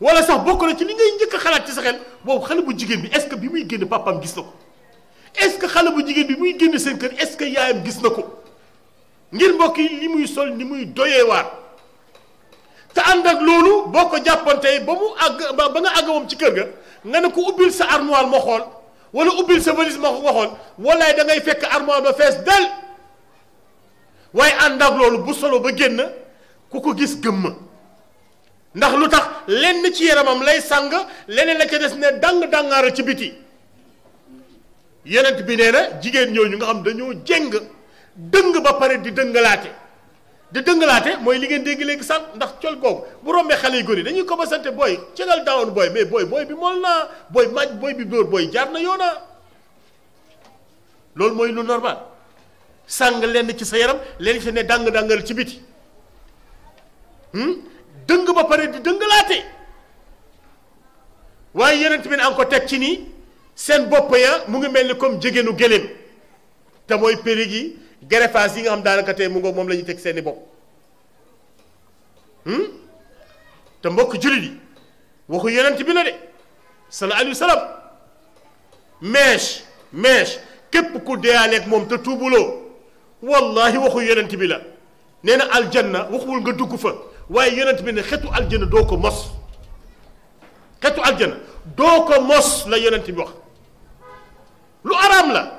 wala sax bokk na ci li ngay njëkk a xalaat ci sa xel boobu xale bu jigéen bi est que bi muy génn papaam gis na ko est-ce que xale bu jigéen bi muy génn seen kër est-ce que yaayam gis na ko ngir mbokk yi li muy sol ni muy doyeewaat te ànd ak loolu boo ko jàppantee ba mu àgg ba nga àgg moom ci kër ga nga ne ko ubbil sa armoire ma xool wala ubbil sa valise ma waxoon walaay da ngay fekk armoire ba fees del waaye ànd ak loolu bu solo ba génn ku ko gis gëmm. ndax lu tax lenn ci yaramam lay sàng leneen la ca des ne dàng dàngaara ci biti yenent bi nee na jigéen ñooñu nga xam dañoo jéng dëng ba pare di dëngalaate di dëngalaate mooy li ngeen dégg léegi sànq ndax col googu bu rombee xale yu góor yi dañuy commencé booy cegal daawoon booy mais booy booy bi mool naa booy maaj booy bi dóor booy jaar na yoona loolu mooy lu normal sàng lenn ci sa yaram lenn ci ne dàng dàngal ci biti hmm? dëng ba pare di dëngalaate waaye yonent bi ne ko teg ci nii seen bopp ya mu ngi mel ni comme jigéenu gëléem te mooy périg gi greffage yi nga xam daanaka tey mu ngoog moom la teg seeni bopp hmm? te mbokk jullit yi waxu yonent bi la de sallallahu alayhi wa sallam mèche mèche képp ku deyaaleeg moom te tuubuloo wallahi waxu yonent bi la nee na aljanna waxuwul nga dugg fa waaye yonent bi ne xetu aljana doo ko mos xetu aljana doo ko mos la yonent bi wax lu araam la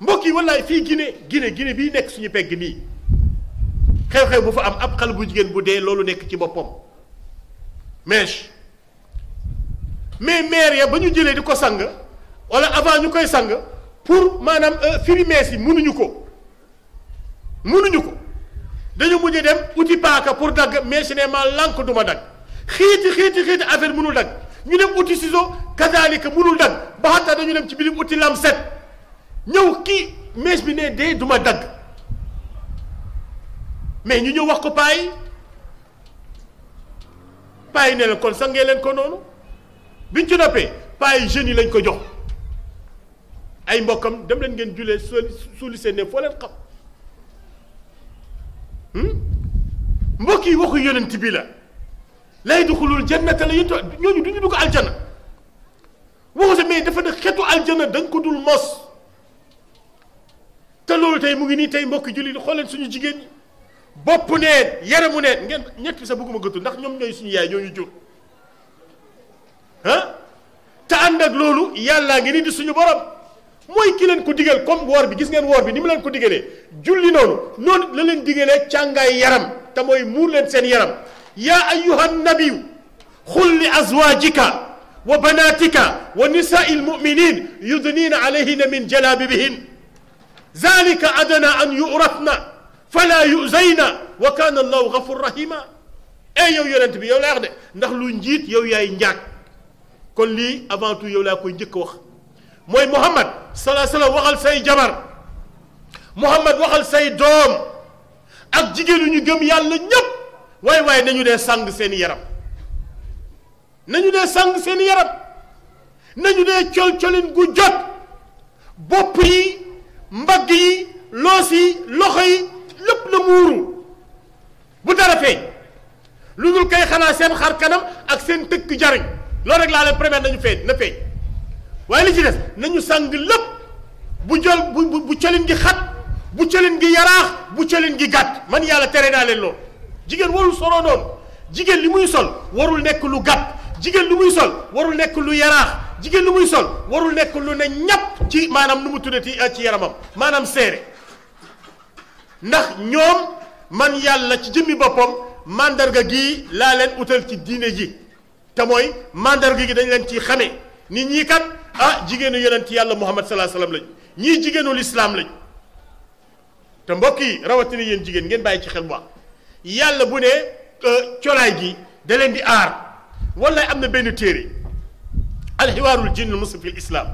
mbokk yi wallaay fii gine gine Guinée bi nekk suñu pegg nii xew-xew bu fa am ab xale bu jigéen bu dee loolu nekk ci boppam mèche mais maire ya ba ñu jëlee di ko sang wala avant ñu koy sang pour maanaam euh, firi yi mënuñu ko mënuñu wuti paaka pour dagg machine ma lànk du ma dagg xiiti xiiti xiiti affaire mënul dagg ñu dem uti ciseau kazaalika mënul dagg ba xataa dañu dem ci bilim uti lamset ñëw kii mèche bi ne dee duma ma dagg mais ñu ñëw wax ko paay yi paa yi ne leen kon sangee leen ko noonu biñ ci noppee paa yi jeunes yi lañ ko jox ay mbokkam dem leen ngeen julee suuli seen ne foo leen xam. mbokk yi waxu yonent bi la lay duxulul jannata la yonent ñooñu du ñu dugg aljana waxu sa mais dafa ne xetu aljana da nga ko dul mos te loolu tey mu ngi nii tey mbokki jullit xool suñu jigéen ñi bopp neen yaramu neen ngeen ñett bi sax bëgguma gëttu ndax ñoom ñooy suñu yaay ñooñu jur te ànd loolu yàllaa ngi di suñu borom mooy ki leen ko digal comme woor bi gis ngeen woor bi ni mu ko digalee julli noonu noonu la leen digalee càngaay yaram te mooy muur leen seen yaram yaa ayyuhan nabiyu xul li azwaajika wa banaatika wa nisaai lmuminin yudniina alayhinna min jalaabibihin zalika adana an yurafna fala yuzayna wa kaana allahu gafur rahima ey eh, yow yonent bi yow laa wax de ndax lu njiit yow yaay njaag kon lii avant tout yow laa koy njëkk wax mooy Muhammad salaa salaam waxal say jabar Muhammad waxal say doom ak jigéenu ñu gëm yàlla ñépp waaye waaye nañu dee sàng seen yaram nañu dee sàng seen yaram nañu dee col-colin gu jot bopp yi mbagg yi loos yi loxo yi lépp la muuru bu dara feeñ lu dul kay xanaa seen xar kanam ak seen tëkk jariñ loolu rek laa leen première nañu feeñ na feeñ waaye li ci des nañu sàng lépp bu jol bu bu colin gi xat bu cëlin gi yaraax bu cëlin gi gàtt man yàlla tere naa leen lool jigéen warul soloo jigéen li muy sol warul nekk lu gàtt jigéen lu muy sol warul nekk lu yaraax jigéen lu sol warul nekk lu ne ñàpp ci maanaam lu mu tuddati eh, ci yaramam maanaam seere ndax ñoom man yàlla ci jëmmi boppam mandarga gii laa leen utal ci diine ji te mooy mandarga gi dañ leen ciy xamee nit ñii kat ah jigéenu yonent yàlla muhammad salaa salaam lañu ñii jigéenu lislaam lañu te mbokk yi rawatina yéen jigéen ngeen bàyyi ci xel bu baax yàlla bu ne colaay gi da leen di aar wallaay am na benn téere alxiwaarul jinnul muslim fil islaam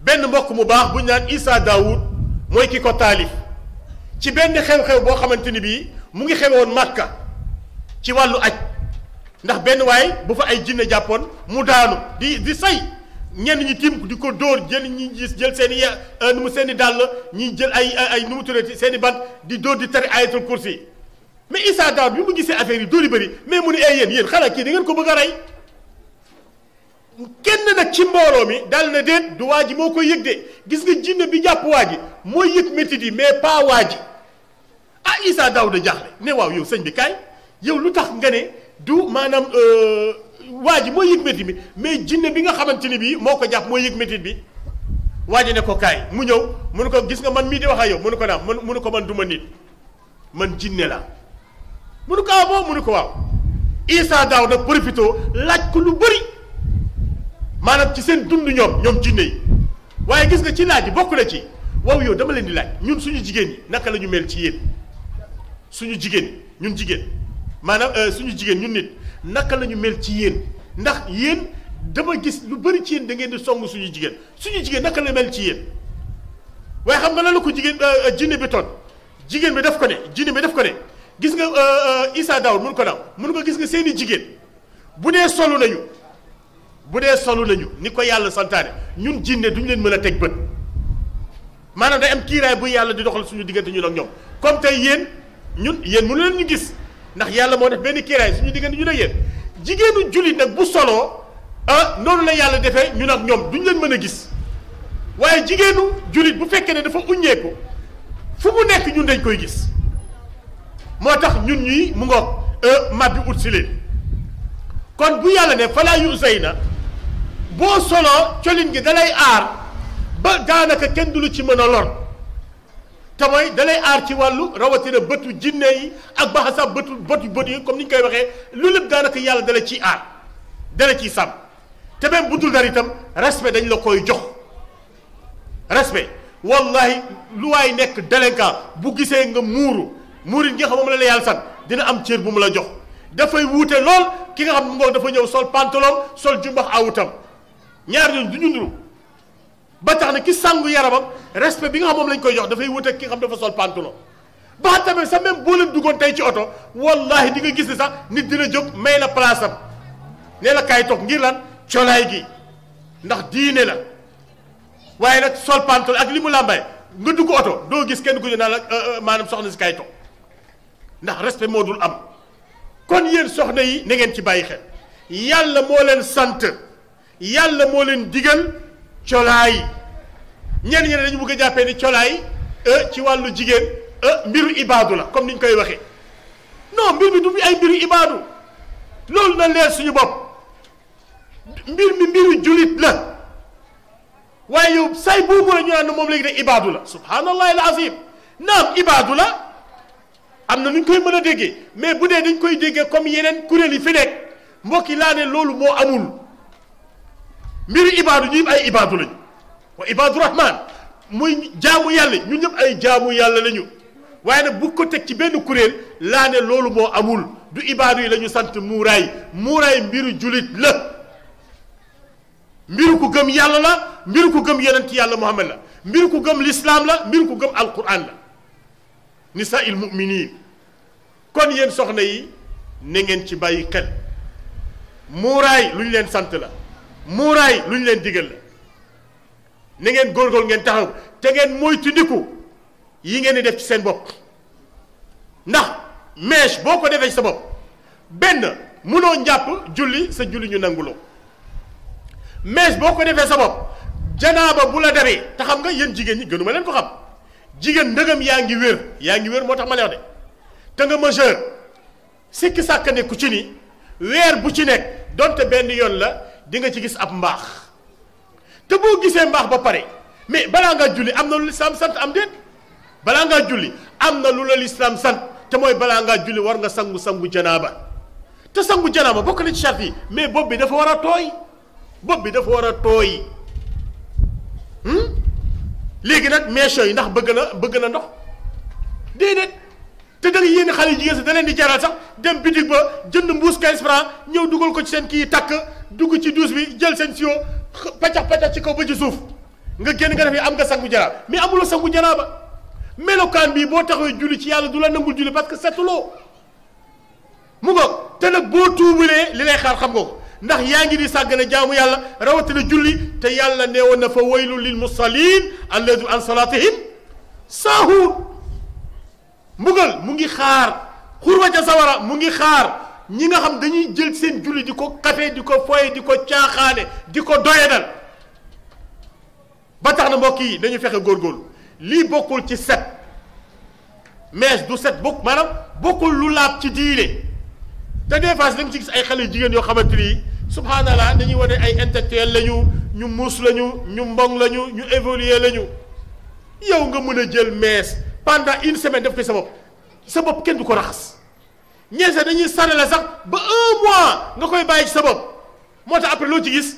benn mbokk mu baax bu ñu naan Isa Daoud mooy ki ko taalif ci benn xew-xew boo xamante ni bii mu ngi xewoon Màkka ci wàllu aj ndax benn waay bu fa ay jinne jàppoon mu daanu di di say ñenn ñi tiim di ko dóor jël ñi gis jël seen i euh, nu mu seeni dàll ñi jël ay ay nu mu tuddati seen i bant di dóor di tari ayatul kursi mais Issa Daw bi mu gisee affaire yi dóor yu bëri mais mu ne ay eh, yéen yéen xanaa kii da ngeen ko bëgg a rey kenn nag ci mbooloo mi dal na déet du waa ji moo koy yëg de gis nga jinne bi jàpp waa ji mooy yëg métit yi mais paa waa ji ah Issa Daw da jaaxle ne waaw yow sëñ bi kaay yow lu tax nga ne du maanaam. Euh, waa ji moo yëg métit mi mais jinne bi nga xamante ni bii moo ko jàpp moo yëg métit bi waa ji ne ko kaay mu ñëw mu ko gis nga man mii di wax ak yow mu ne ko naam man mu ne ko man du ma nit man jinne la mu ne ko ah bon mu ne ko waaw Isaa daaw nag profité laaj ko lu bëri maanaam ci seen dund ñoom ñoom jinne yi waaye gis nga ci laaj yi bokk na ci waaw yow dama leen di laaj ñun suñu jigéen ñi naka la ñu mel ci yéen suñu jigéen ñun jigéen maanaam euh, suñu jigéen ñun naka lañu ñu mel ci yéen ndax yéen dama gis lu bari ci yéen da ngeen di song suñu jigéen suñu jigéen naka la mel ci yéen waaye xam nga lan la ko jigéen euh, euh, jinne bi toon jigéen bi def ko ne jinne bi def ko ne gis nga euh, Issa Daawud mun ko naaw mun ko gis nga seeni jigéen bu dee solu nañu bu dee solu nañu ni ko yàlla santaane ñun jinne duñu leen mën a teg bët maanaam day am kiiraay bu yàlla di doxal suñu diggante ñun ak ñoom comme tey yéen ñun yéen mu leen ñu gis ndax yàlla moo def benn kiiraay suñu diggante ñu ne yéen jigéenu jullit nag bu solo ah la yàlla defe ñun ak ñoom duñ leen mën a gis waaye jigéenu jullit bu fekkee ne dafa uññeeku fu mu nekk ñun dañ koy gis moo tax ñun ñuy mu ngoog euh, màbbi ut si leen kon bu yàlla ne falaa yu sëy na boo soloo colin gi dalay aar ba daanaka kenn du lu ci mën a lor te mooy dalay aar ci wàllu rawatina bëtu jinne yi ak ba sax bëtu bëtu bët yi comme ni ñu koy waxee lu lépp daanaka yàlla dala ciy aar dala ciy sàmm te même bu dul dara itam respect dañ la koy jox respect wallahi lu waay nekk délinquant bu gisee nga muuru muurit nga xam moom la yàlla san dina am cër bu mu la jox dafay wuute lool ki nga xam ne dafa ñëw sol pantalon sol jumbax awutam ñaar ñun du ñu nduru ba tax na ki sàngu yaramam respet bi nga xam moom lañ koy jox dafay wut ak ki nga xam dafa sol pantalon ba tamit sax même boo leen duggoon tey ci oto wallahi di nga gis ne sax nit dina jóg may la place am nee la kaay toog ngir lan colaay gi ndax diine la waaye nag sol pantalon ak li mu laa làmbaay nga dugg oto doo gis kenn ku naa naan la euh, euh, maanaam soxna si kaay toog ndax respect moo dul am kon yéen soxna yi na ngeen ci bàyyi xel yàlla moo leen sant yàlla moo leen digal colaay. ñenn ñi ne dañu bëgg a jàppee ni colaay e, ci wàllu jigéen e, mbiru ibaadu la comme ni ñu koy waxee non mbir mi du ay mbiru ibaadu loolu na leer suñu bopp mbir mi mbiru julit la waaye yow say boobu la ñu naan moom léegi de ibaadu la subhaanallahi al azim naam ibaadu la am na nu ñu koy mën a déggee mais bu dee dañ koy déggee comme yeneen kuréel yi fi nekk mbokk yi laa ne loolu moo amul mbiru ibaadu ñuy ay ibaadu lañu. wa ibaadu rahman muy jaamu yàlla ñun ñëpp ay jaamu yàlla lañu waaye nag bu ko teg ci benn kuréel laa ne loolu moo amul du ibaadu yi lañu sant muuraay muuraay mbiru julit la mbiru ku gëm yàlla la mbiru ku gëm yonent yàlla muhammad la mbiru ku gëm lislaam la mbiru ku gëm alquran la nisaa il muminin kon yéen soxna yi na ngeen ci bàyyi xel muuraay lu ñu leen sant la muuraay lu ñu leen digal la na ngeen góorgóorlu ngeen taxaw te ngeen moytandiku yi ngeen di def ci seen bopp ndax mèche boo ko defee sa bopp benn mënoo njàpp julli sa julli nanguloo mèche boo ko defee sa bopp janaaba bu la daree te xam nga yéen jigéen ñi gënu ma leen ko xam jigéen ndëgam yaa ngi wér yaa ngi wér moo tax ma leex de te nga majeur sikki sàkk ne ku ci ni weer bu ci nekk donte benn yoon la di nga ci gis ab mbaax te boo gisee mbaax ba pare mais balaa ngaa julli am na lu lislaam sant am déet balaa ngaa julli am na lu la lislaam sant te mooy balaa ngaa julli war nga sangu sangu ba te sangu janaaba bokk na ci charte yi mais bopp bi dafa war a tooy bopp bi dafa war a tooy hmm? léegi nag meecho yi ndax bëgg na bëgg na ndox déedéet te da nga yéen xale jigéen sax da di jaral sax dem bitig ba jënd mbuus 15 francs ñëw dugal ko ci seen kii takk dugg ci douche bi jël seen sio paccax paccax ci kaw ba ci suuf nga génn nga def yi am nga sangu janaaba mais amuloo sangu ba melokaan bii boo taxawee julli ci yàlla du la nangul julli parce que seetuloo mu nga te nag boo tuubulee li lay xaar xam nga ko ndax yaa ngi di sàggane jaamu yàlla rawatina julli te yàlla nee woon na fa waylu lil musallin alladina an salatihim saahuun mbugal mu ngi xaar xurba ca sawara mu ngi xaar ñi nga xam dañuy jël seen julli di ko kafe di ko foye di ko caaxaane di ko doyadal ba tax na mbokk yi dañu fexe góorgóorlu lii bokkul ci set mees du set bokk maanaam bokkul lu laab ci diine te des fois da nga ci gis ay xale jigéen yoo xamante ni subhanallah dañuy wane ay intellectuel lañu ñu muus lañu ñu mboŋ lañu ñu évoluer lañu yow nga mën a jël mees pendant une semaine def ko sa bopp sa bopp kenn du ko raxas. ñeent sax dañuy sànni la sax ba un mois nga koy bàyyi ci sa bopp moo tax après loo ci gis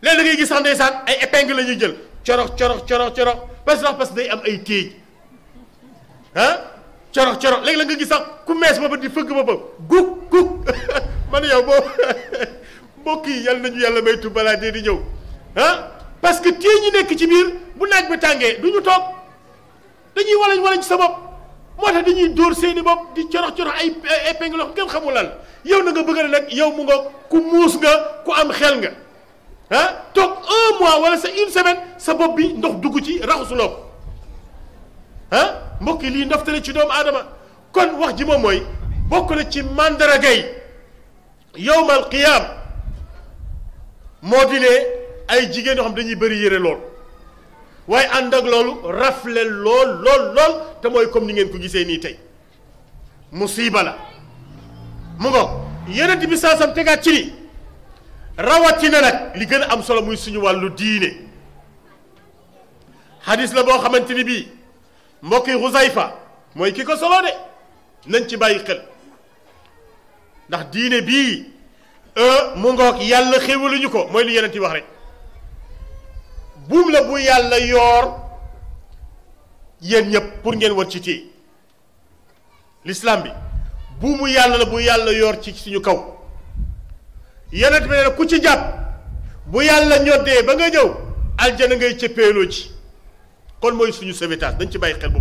léegi da ngay gis sax ndeysaan ay épingle la ñuy jël corox corox corox corox parce que parce que day am ay téej ah corox corox léegi la nga gis sax ku mees boppam di fëgg boppam guk guk man yow boo mbokk yi yal nañu yàlla may tuub balaa dee di ñëw ah parce que téej nekk ci biir bu naaj bi tàngee du ñu topp dañuy walañ walañ ci sa bopp. moo tax dañuy dóor seeni bopp di corox corox ay épingle kenn xamul lan yow na nga bëgga a nag yow mu nga ku muus nga ku am xel nga ah toog un mois wala sa une semaine sa bopp bi ndox dugg ci raxasuloo ko ah mbokk yi lii ndoftale ci doomu aadama kon wax ji moom mooy bokk na ci mandaragay yowmal qiyaam moo di ne ay jigéen yoo xam dañuy bëri yére lool. waaye ànd ak loolu rafle lool lool lool te mooy comme ni ngeen ko gisee nii tey musiba la mu ngo yenent bi saasam tegaat ci ni rawatina nag li gën a am solo muy suñu wàllu diine xadis la boo xamante ni bii mbokki Xuzayfa mooy ki ko solo de nañ ci bàyyi xel ndax diine bii euh, mu ngoog yàlla ñu ko mooy li yenent yi wax rek buum la bu yàlla yoor yéen ñëpp pour ngeen war ci téye l'islam bi buumu yàlla la bu yàlla yoor ci suñu kaw yonent bi ne ku ci jàpp bu yàlla ñoddee ba nga ñëw aljana ngay cëppeeloo ci kon mooy suñu sauvetage dañ ci bàyyi xel bu